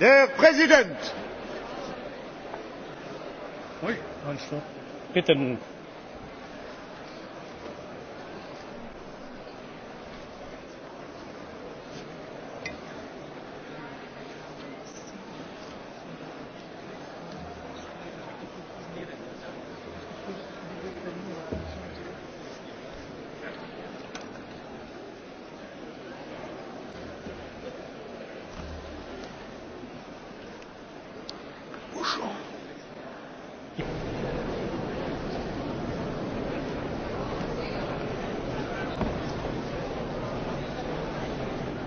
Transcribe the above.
Der Präsident! Ui, nein, stopp. Bitte. dušom.